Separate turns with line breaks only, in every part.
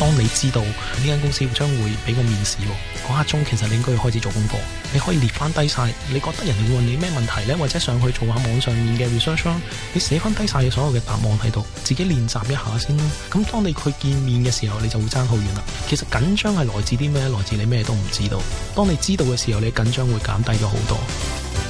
當你知道呢間公司將會俾個面試喎，嗰刻鐘其實你應該要開始做功課。你可以列翻低晒，你覺得人會問你咩問題呢？或者上去做下網上面嘅 research，你寫翻低曬所有嘅答案喺度，自己練習一下先啦。咁當你佢見面嘅時候，你就會爭好遠啦。其實緊張係來自啲咩？來自你咩都唔知道。當你知道嘅時候，你緊張會減低咗好多。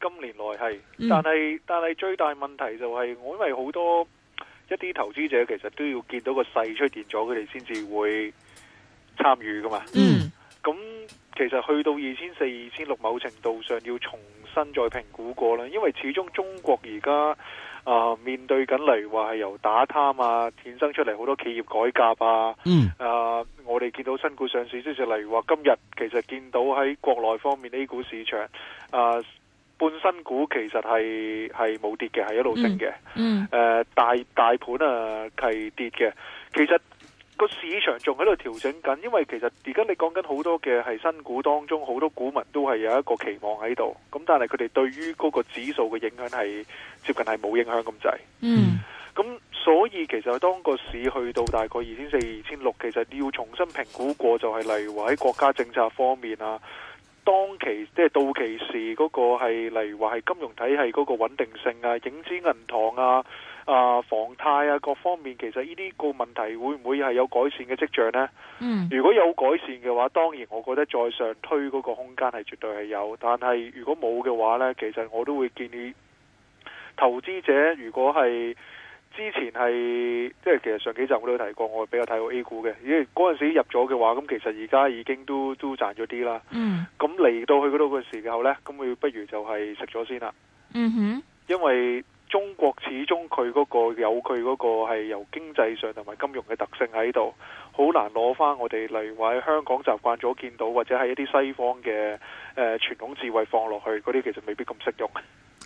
今年來係，但係但係最大問題就係、是，我因為好多一啲投資者其實都要見到個勢出現咗，佢哋先至會參與噶嘛。嗯，咁、嗯、其實去到二千四、二千六，某程度上要重新再評估過啦。因為始終中國而家啊面對緊嚟話係由打貪啊，衍生出嚟好多企業改革啊。嗯，啊，我哋見到新股上市，即係例如話今日，其實見到喺國內方面 A 股市場啊。半新股其實係係冇跌嘅，係一路升嘅。嗯，uh，大大盤啊係跌嘅。其實個市場仲喺度調整緊，因為其實而家你講緊好多嘅係新股當中，好多股民都係有一個期望喺度。咁但係佢哋對於嗰個指數嘅影響係接近係冇影響咁滯。
嗯，
咁所以其實當個市去到大概二千四、二千六，其實要重新評估過，就係例如話喺國家政策方面啊。當期即係、就是、到期時，嗰個係例如話係金融體系嗰個穩定性啊、影子銀行啊、啊房貸啊各方面，其實呢啲個問題會唔會係有改善嘅跡象呢？嗯，
如果有
改善嘅話，當然我覺得再上推嗰個空間係絕對係有，但係如果冇嘅話呢，其實我都會建議投資者如果係。之前係即係其實上幾集我都提過，我比較睇好 A 股嘅。因為嗰陣時入咗嘅話，咁其實而家已經都都賺咗啲啦。嗯，咁嚟到去嗰度嘅時候呢，咁佢不如就係食咗先啦。嗯
哼，
因為中國始終佢嗰個有佢嗰個係由經濟上同埋金融嘅特性喺度，好難攞翻我哋例如話喺香港習慣咗見到或者係一啲西方嘅誒傳統智慧放落去嗰啲，那些其實未必咁適用。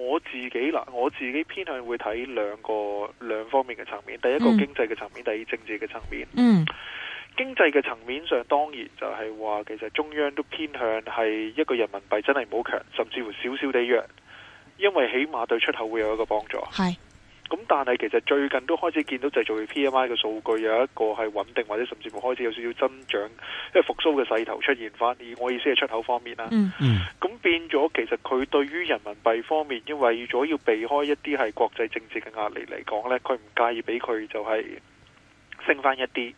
我自己嗱，我自己偏向會睇兩個兩方面嘅層面。第一個經濟嘅層面，第二政治嘅層面。
嗯，
經濟嘅層面上，當然就係話其實中央都偏向係一個人民幣真係唔好強，甚至乎少少地弱，因為起碼對出口會有一個幫助。係。咁但係其實最近都開始見到製造業 P M I 嘅數據有一個係穩定或者甚至乎開始有少少增長，因為復甦嘅勢頭出現翻。而我意思係出口方面啦，咁、嗯嗯、變咗其實佢對於人民幣方面，因為咗要避開一啲係國際政治嘅壓力嚟講咧，佢唔介意俾佢就係升翻一啲。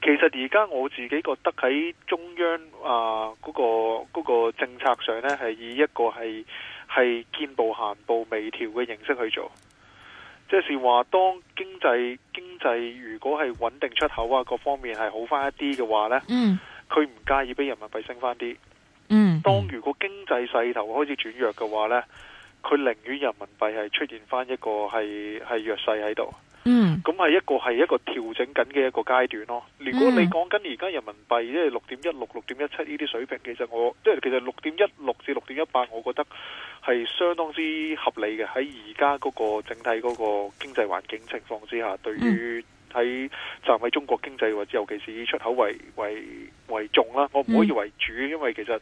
其實而家我自己覺得喺中央啊、嗰、那個嗰、那個政策上咧，係以一個係係見步行步微調嘅形式去做。即是話，當經濟經濟如果係穩定出口啊，各方面係好翻一啲嘅話呢，嗯、佢唔介意俾人民幣升翻啲。嗯、
當
如果經濟勢頭開始轉弱嘅話呢。佢寧願人民幣係出現翻一個係係弱勢喺度，嗯，咁係一個係一個調整緊嘅一個階段咯。如果你講緊而家人民幣即係六點一六、六點一七呢啲水平，其實我即係其實六點一六至六點一八，我覺得係相當之合理嘅，喺而家嗰個整體嗰個經濟環境情況之下，對於。喺站喺中國經濟或者尤其是以出口為，為，為重啦，我唔可以為主，因為其實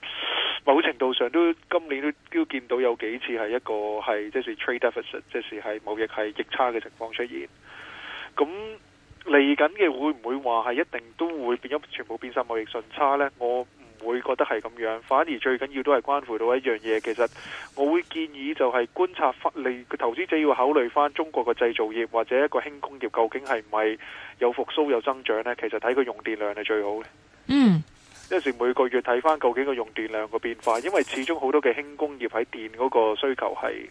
某程度上都今年都都見到有幾次係一個係即係、就是、trade deficit，即係係貿易係逆差嘅情況出現。咁嚟緊嘅會唔會話係一定都會變咗全部變晒貿易順差呢？我唔會覺得係咁樣，反而最緊要都係關乎到一樣嘢。其實，我會建議就係觀察翻，嚟個投資者要考慮翻中國嘅製造業或者一個輕工業，究竟係唔係有復甦有增長咧？其實睇個用電量係最好嘅。嗯，
有
陣時每個月睇翻究竟個用電量個變化，因為始終好多嘅輕工業喺電嗰個需求係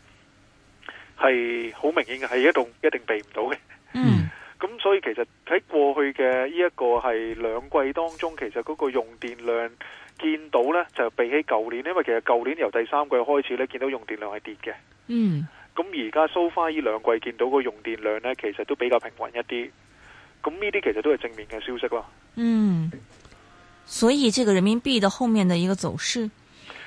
係好明顯嘅，係一度一定避唔到嘅。嗯。咁所以其實喺過去嘅呢一個係兩季當中，其實嗰個用電量見到呢，就比起舊年，因為其實舊年由第三季開始呢，見到用電量係跌嘅。嗯，咁而家 so far 呢兩季見到個用電量呢，其實都比較平穩一啲。咁呢啲其實都係正面嘅消息咯。嗯，
所以這個人民幣的後面的一個走勢。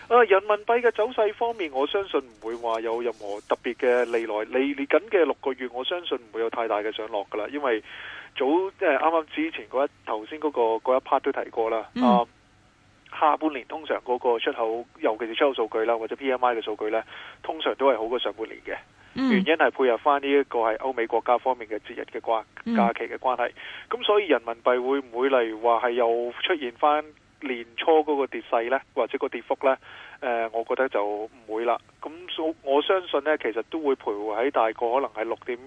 啊！人民幣嘅走勢方面，我相信唔會話有任何特別嘅利來，嚟嚟緊嘅六個月，我相信唔會有太大嘅上落噶啦。因為早即係啱啱之前嗰一頭先嗰個嗰一 part 都提過啦、嗯啊。下半年通常嗰個出口，尤其是出口數據啦，或者 PMI 嘅數據呢，通常都係好過上半年嘅。
嗯、原因
係配合翻呢一個係歐美國家方面嘅節日嘅關、嗯、假期嘅關係。咁所以人民幣會唔會例如話係又出現翻？年初嗰個跌勢呢，或者個跌幅呢，誒、呃，我覺得就唔會啦。咁我相信呢，其實都會徘徊喺大概可能係六點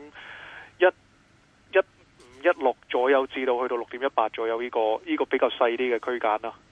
一一五一六左右，至到去到六點一八左右呢、呢個依、呢個比較細啲嘅區間啦。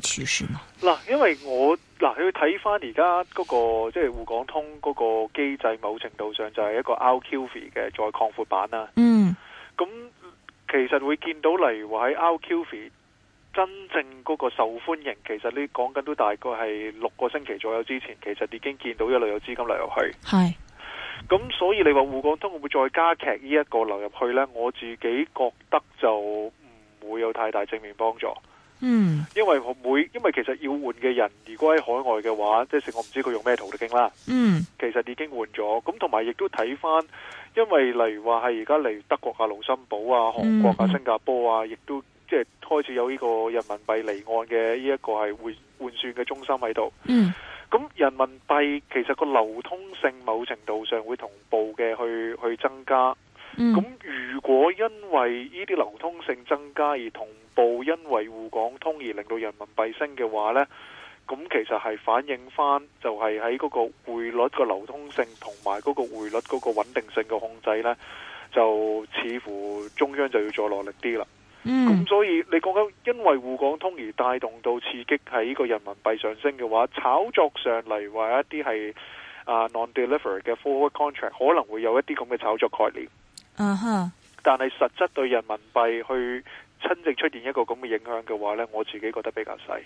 嗱，因為我嗱，你去睇翻而家嗰個即係滬港通嗰個機制，某程度上就係一個 out QFII 嘅再擴闊版啦。嗯，咁其實會見到例如話喺 out QFII 真正嗰個受歡迎，其實你講緊都大概係六個星期左右之前，其實已經見到一路有資金流入去。係是，咁所以你話滬港通會唔會再加劇呢一個流入去呢？我自己覺得就唔會有太大正面幫助。嗯，因為每因為其實要換嘅人，如果喺海外嘅話，即係我唔知佢用咩途徑啦。嗯，其實已經換咗，咁同埋亦都睇翻，因為例如話係而家嚟德國啊、盧森堡啊、韓國啊、新加坡啊，亦都即係開始有呢個人民幣離岸嘅呢一個係換換算嘅中心喺度。
嗯，
咁人民幣其實個流通性某程度上會同步嘅去去增加。嗯，
咁如果
因為呢啲流通性增加而同部因為滬港通而令到人民幣升嘅話咧，咁其實係反映翻就係喺嗰個匯率個流通性同埋嗰個匯率嗰個穩定性嘅控制咧，就似乎中央就要再落力啲啦。嗯，咁所以你講緊因為滬港通而帶動到刺激喺個人民幣上升嘅話，炒作上嚟話一啲係啊、uh, non-deliver 嘅 forward contract 可能會有一啲咁嘅炒作概念。嗯哼、uh，huh. 但係實質對人民幣去。真正出現一個咁嘅影響嘅話呢，我自己覺得比較細。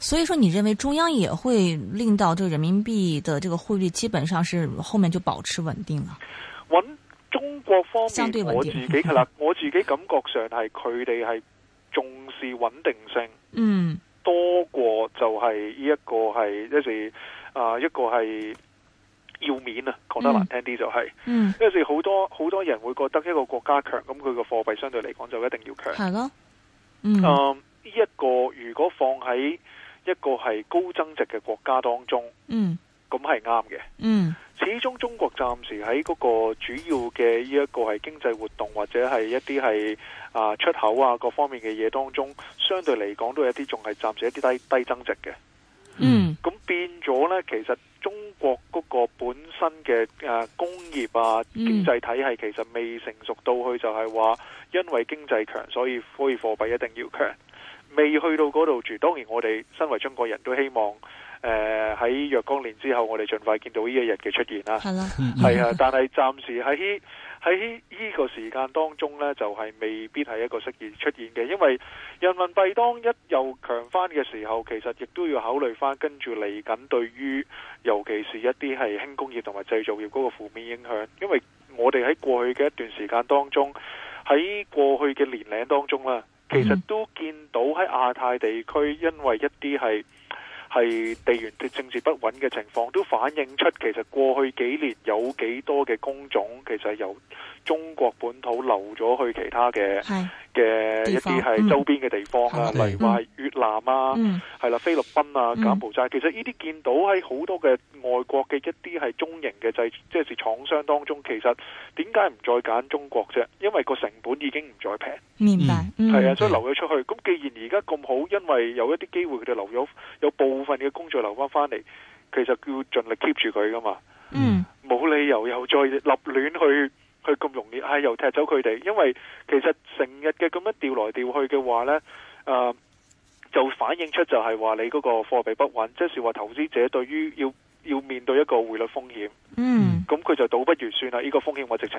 所以說，你認為中央也會令到這個人民幣的這個匯率基本上是後面就保持穩定了，
揾中國方面相對穩定，我自己 我自己感覺上係佢哋係重視穩定性，嗯，多過就係呢一個係，即是啊一個係。要面啊，講得難聽啲就係、是，嗯嗯、因為好多好多人會覺得一個國家強，咁佢個貨幣相對嚟講就一定要強。係咯、嗯，嗯，呢一個如果放喺一個係高增值嘅國家當中，嗯，咁係啱嘅。嗯，始終中國暫時喺嗰個主要嘅呢一個係經濟活動或者係一啲係啊出口啊各方面嘅嘢當中，相對嚟講都係一啲仲係暫時一啲低低增值嘅。
嗯，
咁變咗呢，其實。國嗰個本身嘅誒工業啊經濟體系其實未成熟到去，就係話因為經濟強所以匯貨幣一定要強，未去到嗰度住。當然我哋身為中國人都希望誒喺、呃、若干年之後，我哋儘快見到呢一日嘅出現啦。係啦、係啊，但係暫時喺。喺呢個時間當中呢，就係未必係一個適宜出現嘅，因為人民幣當一又強返嘅時候，其實亦都要考慮翻跟住嚟緊對於，尤其是一啲係輕工業同埋製造業嗰個負面影響。因為我哋喺過去嘅一段時間當中，喺過去嘅年齡當中啦，其實都見到喺亞太地區，因為一啲係係地緣政治不穩嘅情況，都反映出其實過去幾年有幾多嘅工種，其實由中國本土流咗去其他嘅嘅是一啲係周邊嘅地方啊，例如話越南啊，係、嗯、啦菲律賓啊、柬埔寨、啊。嗯、其實呢啲見到喺好多嘅外國嘅一啲係中型嘅製，即、就、係是廠商當中，其實點解唔再揀中國啫？因為個成本已經唔再平，
明白係啊，所以流咗
出去。咁、嗯、既然而家咁好，因為有一啲機會佢哋流咗有暴部分嘅工作留翻返嚟，其實要盡力 keep 住佢噶嘛。嗯，冇理由又再立亂去，去咁容易，唉、哎，又踢走佢哋。因為其實成日嘅咁樣調來調去嘅話咧，誒、呃，就反映出就係話你嗰個貨幣不穩，即係話投資者對於要要面對一個匯率風險。嗯，咁佢、嗯、就倒不如算啦，呢個風險我直情。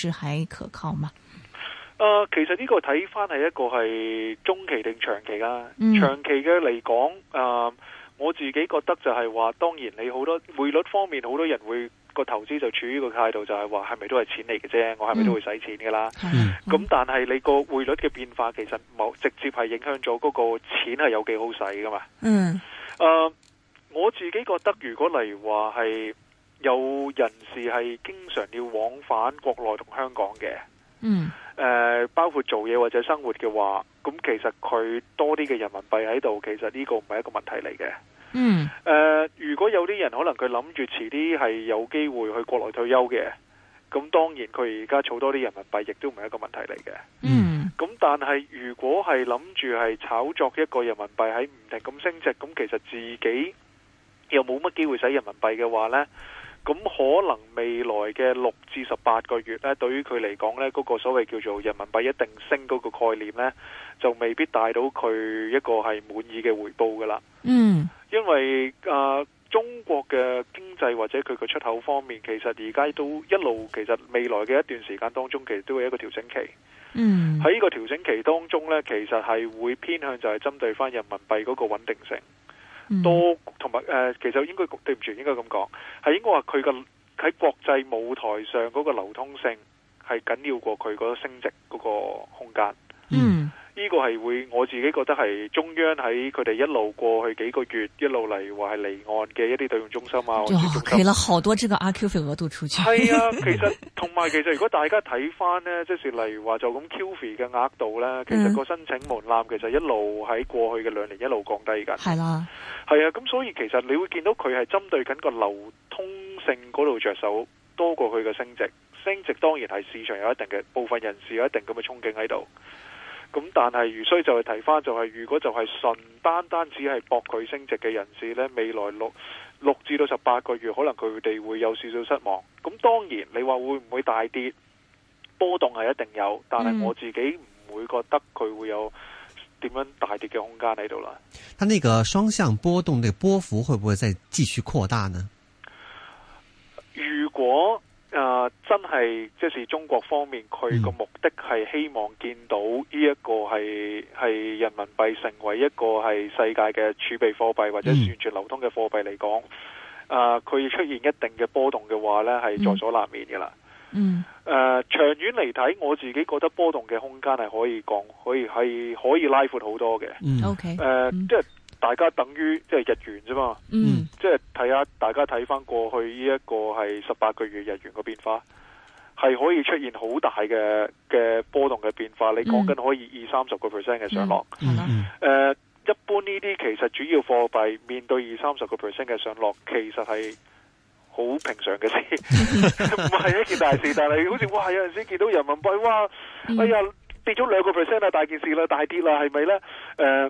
還，還可靠嗎？
誒、呃，
其實呢個睇翻係一個係中期定長期啦。嗯、長期嘅嚟講，誒、呃，我自己覺得就係話，當然你好多匯率方面，好多人會個投資就處於這個態度就是，就係話係咪都係錢嚟嘅啫？我係咪都會使錢噶啦？咁但係你個匯率嘅變化，其實冇直接係影響咗嗰個錢係有幾好使噶嘛？嗯，誒、呃，我自己覺得如果例如話係。有人士係經常要往返國內同香港嘅，嗯，誒、呃，包括做嘢或者生活嘅話，咁其實佢多啲嘅人民幣喺度，其實呢個唔係一個問題嚟嘅，嗯，誒、呃，如果有啲人可能佢諗住遲啲係有機會去國內退休嘅，咁當然佢而家儲多啲人民幣亦都唔係一個問題嚟嘅，嗯，咁但係如果係諗住係炒作一個人民幣喺唔停咁升值，咁其實自己又冇乜機會使人民幣嘅話呢。咁可能未來嘅六至十八個月呢，對於佢嚟講呢，嗰個所謂叫做人民幣一定升嗰個概念呢，就未必帶到佢一個係滿意嘅回報噶啦。嗯，mm. 因為啊、呃，中國嘅經濟或者佢嘅出口方面，其實而家都一路其實未來嘅一段時間當中，其實都會有一個調整期。
嗯，喺呢
個調整期當中呢，其實係會偏向就係針對翻人民幣嗰個穩定性。多同埋誒，其實應該，對唔住，應該咁講，係應該話佢嘅喺國際舞台上嗰個流通性係緊要過佢嗰升值嗰個空間。嗯。呢個係會我自己覺得係中央喺佢哋一路過去幾個月一路嚟，話係離岸嘅一啲兌換中心啊，就賠好咗
心好多呢個阿 Q 費額度出去。係 啊，其實
同埋其實如果大家睇翻呢，即係例如話就咁 Q 費嘅額度呢，其實個申請門檻其實一路喺過去嘅兩年一路降低緊。係啦，係啊，咁所以其實你會見到佢係針對緊個流通性嗰度着手多過佢嘅升值。升值當然係市場有一定嘅部分人士有一定咁嘅憧憬喺度。咁但係，如需就係提翻，就係如果就係純單單只係博佢升值嘅人士，呢未來六六至到十八個月，可能佢哋會有少少失望。咁當然，你話會唔會大跌？波動係一定有，但係我自己唔會覺得佢會有點樣大跌嘅空間喺度啦。
但呢、嗯、個雙向波動嘅波幅會唔會再繼續擴大呢？
如果？啊、呃！真係，即是中國方面，佢個目的係希望見到呢一個係人民幣成為一個係世界嘅儲備貨幣或者完全流通嘅貨幣嚟講，佢、呃、出現一定嘅波動嘅話呢，係在所難免嘅啦、嗯。嗯，誒、呃，長遠嚟睇，我自己覺得波動嘅空間係可以講，可以可以可以拉闊好多嘅。嗯，OK，誒、呃，即係、嗯。大家等於即係日元啫嘛，嗯、即係睇下大家睇翻過去呢一個係十八個月日元個變化，係可以出現好大嘅嘅波動嘅變化。嗯、你講緊可以二三十個 percent 嘅上落，誒，一般呢啲其實主要貨幣面對二三十個 percent 嘅上落，其實係好平常嘅事，唔係、嗯、 一件大事。 但係好似哇，有陣時見到人民幣哇，哎呀跌咗兩個 percent 啊，大件事啦，大跌啦，係咪咧？誒、呃。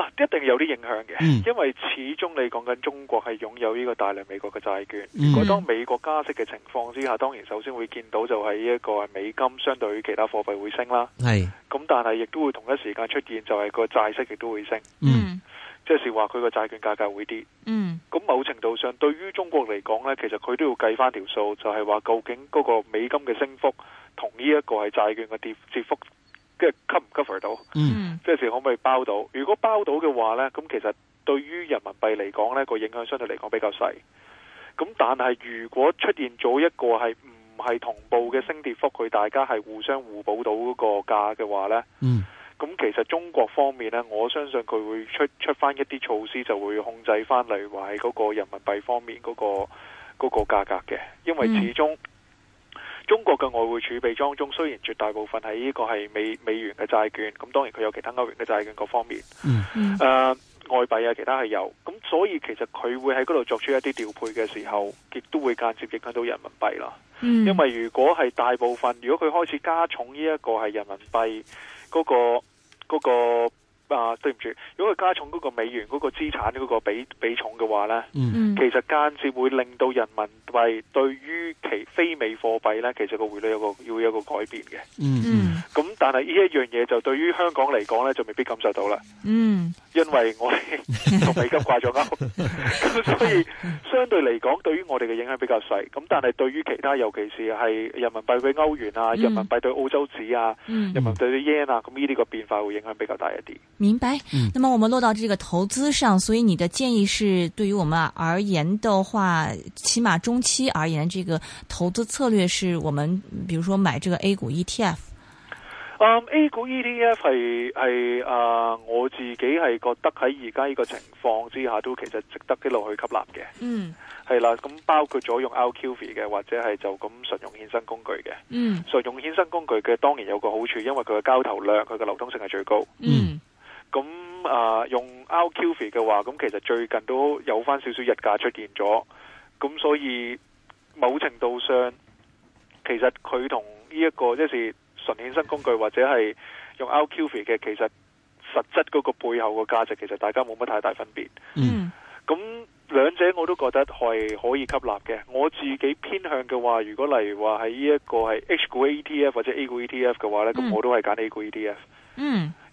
一定有啲影響嘅，因為始終你講緊中國係擁有呢個大量美國嘅債券。如果、嗯、當美國加息嘅情況之下，當然首先會見到就係呢一個美金相對於其他貨幣會升啦。咁是但係亦都會同一時間出現就係個債息亦都會升。嗯，即係話佢個債券價格會跌。嗯，咁某程度上對於中國嚟講呢，其實佢都要計翻條數，就係、是、話究竟嗰個美金嘅升幅同呢一個係債券嘅跌跌幅。跟住 cover 唔 cover 到，嗯、即係可唔可以包到？如果包到嘅話咧，咁其實對於人民幣嚟講咧，個影響相對嚟講比較細。咁但係如果出現咗一個係唔係同步嘅升跌幅，佢大家係互相互補到個價嘅話咧，咁、嗯、其實中國方面咧，我相信佢會出出翻一啲措施，就會控制翻嚟話個人民幣方面嗰、嗰個、嗰個價格嘅，因為始終。中國嘅外匯儲備當中，雖然絕大部分喺呢個係美美元嘅債券，咁當然佢有其他歐元嘅債券各方面，誒、嗯呃、外幣啊其他係有，咁所以其實佢會喺嗰度作出一啲調配嘅時候，亦都會間接影響到人民幣啦。嗯、
因為如
果係大部分，如果佢開始加重呢一個係人民幣嗰個嗰個。嗰個啊，對唔住，如果佢加重嗰個美元嗰個資產嗰個比比重嘅話咧，嗯，其實間接會令到人民幣對於其非美貨幣咧，其實個匯率有個要有個改變嘅、嗯嗯嗯，嗯，咁但係呢一樣嘢就對於香港嚟講咧就未必感受到啦，嗯，因為我哋同 美金掛咗鈎，咁 所以相對嚟講，對於我哋嘅影響比較細，咁但係對於其他，尤其是係人民幣對歐元啊，嗯、人民幣對澳洲紙啊，嗯嗯、人民幣對 yen 啊，咁呢啲個變化會影響比較大一啲。
明白，嗯。那麼我們落到這個投資上，所以你的建議是，對於我們而言的話，起碼中期而言，這個投資策略是我們，比如說買這個 A 股 ETF。
嗯、um，A 股 ETF 係係啊、呃、我自己係覺得喺而家呢個情況之下，都其實值得一路去吸納嘅。嗯。係啦，咁包括咗用 RQFII 嘅，或者係就咁純用衍生工具嘅。嗯。純用衍生工具嘅當然有個好處，因為佢嘅交投量，佢嘅流通性係最高。嗯。咁、啊、用 Al QF 嘅話，咁其實最近都有翻少少日價出現咗，咁所以某程度上，其實佢同呢一個即、係純衍生工具或者係用 Al QF 嘅，其實實質嗰個背後嘅價值，其實大家冇乜太大分別。嗯，咁兩者我都覺得係可以吸納嘅。我自己偏向嘅話，如果例如話喺呢一個係 H 股 ETF 或者 A 股 ETF 嘅話呢，咁我都係揀 A 股 ETF。嗯。
嗯。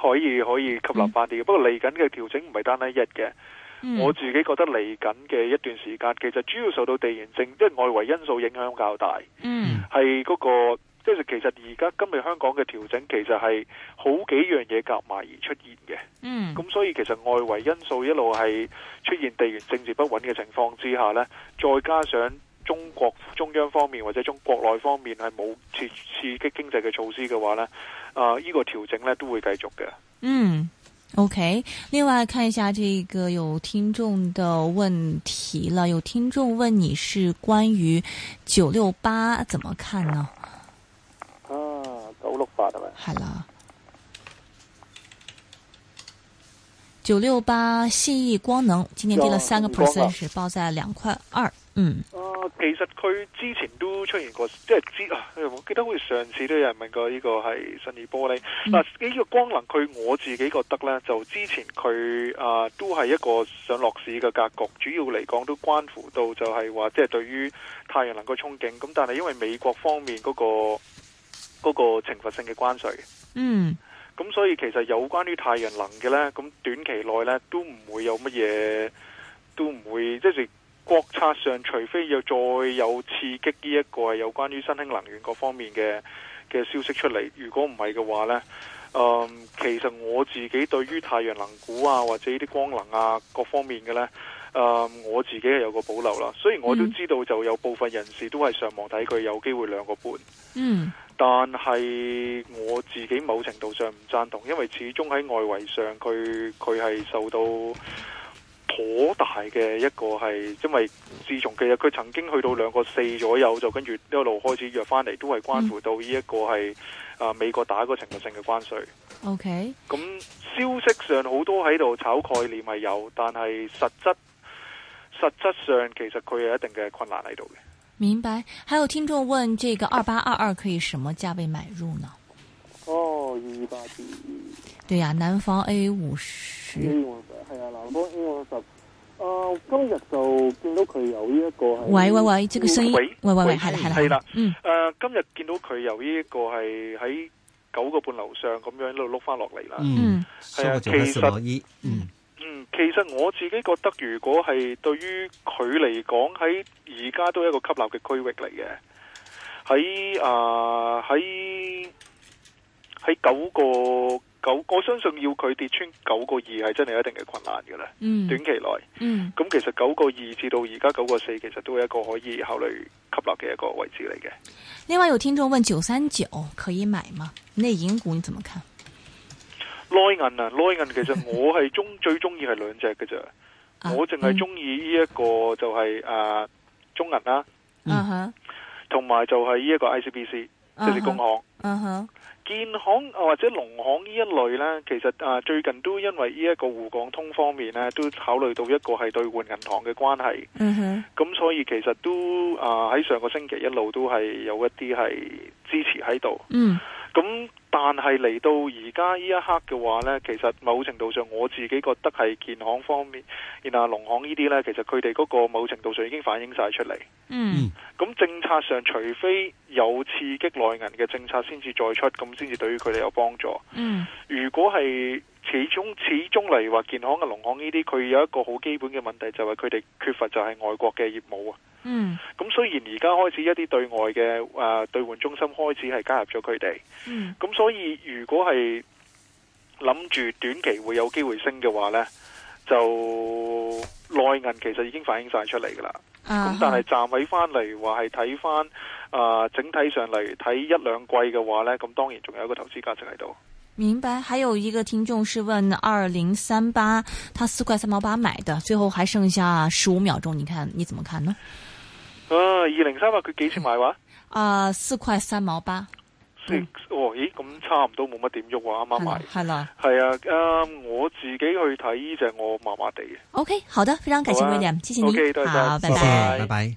可以可以，吸納翻啲，不過嚟緊嘅調整唔係單一一嘅。嗯、我自己覺得嚟緊嘅一段時間，其實主要受到地緣政即係外圍因素影響較大。
嗯，
係嗰、那個即係、就是、其實而家今日香港嘅調整，其實係好幾樣嘢夾埋而出現嘅。嗯，咁所以其實外圍因素一路係出現地緣政治不穩嘅情況之下呢，再加上。中國中央方面或者中國內方面係冇刺刺激經濟嘅措施嘅話咧，啊、呃，呢、這個調整咧
都會繼續嘅。嗯
，OK。另外看一下這個有聽眾的問題啦，有聽眾問你是關於九六八怎麼看呢？啊，九六八係咪？係啦，九六八信義光能今年跌了三個 percent，是了報在兩塊二。
嗯，啊，其實佢之前都出現過，即係知啊，我記得好似上次都有人問過呢個係信義玻璃。嗱，嗯，啊，呢個光能佢我自己覺得呢，就之前佢啊都係一個上落市嘅格局，主要嚟講都關乎到就係話，即係對於太陽能嘅憧憬。咁但係因為美國方面嗰個嗰個懲罰性嘅關稅，
嗯，
咁所以其實有關於太陽能嘅呢，咁短期內呢都唔會有乜嘢，都唔會即係。國策上，除非要再有刺激呢一個係有關於新興能源各方面嘅嘅消息出嚟，如果唔係嘅話呢，嗯，其實我自己對於太陽能股啊或者呢啲光能啊各方面嘅呢，嗯，我自己係有個保留啦。雖然我都知道就有部分人士都係上網睇佢有機會兩個半，嗯，但係我自己某程度上唔贊同，因為始終喺外圍上佢佢係受到。好大嘅一個係，因為自從其實佢曾經去到兩個四左右，就跟住一路開始約翻嚟，都係關乎到呢一個係、嗯、啊美國打個程序性嘅關稅。OK，咁消息上好多喺度炒概念係有，但係實質實質上其實佢有一定嘅困難喺度嘅。
明白。還有聽眾問，這個二八二二可以什麼價位買入呢？哦，
二八二二。
對呀、啊，南方 A 五
十。嗯，係啊。今日就見到佢有呢一個，喂喂喂，即、這個聲音，喂喂喂，係啦係啦，係啦，嗯，誒、啊，今日見到佢有呢一個係喺九個半樓上咁樣碌碌翻落嚟啦。嗯，係啊、嗯，其實，嗯嗯，其實我自己覺得，如果係對於佢嚟講，喺而家都係一個吸納嘅區域嚟嘅，喺誒，喺、啊、喺九個。九，我相信要佢跌穿九個二係真係一定嘅困難嘅啦。嗯、短期內，咁、嗯、其實九個二至到而家九個四，其實都係一個可以考慮吸納嘅一個位置嚟嘅。
另外有聽眾問：九三九可以買嗎？內銀股你怎麼看
內、啊？內銀啊，內銀其實我係中 最中意係兩隻嘅咋。
我淨
係中意呢一個就係、啊啊、中銀啦、啊，嗯
哼，
同埋、啊、哈就係呢一個 ICBC，、啊、哈即係工行，嗯哼、啊。啊建行或者農行呢一類呢，其實啊最近都因為呢一個滬港通方面呢，都考慮到一個係兌換銀行嘅關係，嗯
哼，
咁所以其實都啊喺上個星期一路都係有一啲係。支持喺度，咁但係嚟到而家呢一刻嘅話呢，其實某程度上我自己覺得係建行方面，然後農行呢啲呢，其實佢哋嗰個某程度上已經反映晒出嚟。嗯，咁政策上，除非有刺激內銀嘅政策先至再出，咁先至對於佢哋有幫助。
嗯，
如果係。始終始終嚟話，建行嘅農行呢啲，佢有一個好基本嘅問題，就係佢哋缺乏就係外國嘅業務啊。嗯。
咁雖
然而家開始一啲對外嘅誒兌換中心開始係加入咗佢哋。
嗯。
咁所以如果係諗住短期會有機會升嘅話呢，就內銀其實已經反映晒出嚟噶啦。
咁、啊、哈但係
站位翻嚟話係睇翻啊整體上嚟睇一兩季嘅話呢，咁當然仲有一個投資價值喺度。
明白，還有一個聽眾是問二零三八，他四塊三毛八買的，最後還剩下十五秒鐘，你看你怎麼看呢？呃
二零三八佢幾錢買話？
啊，四塊三毛八。
six，哦，咦，咁差唔多冇乜點喐啊，啱啱買。係啦。係啊，我自己去睇就係我麻麻地。
OK，好的，非常感謝、啊、William，謝謝你。Okay, 好，
拜拜多謝，
拜拜。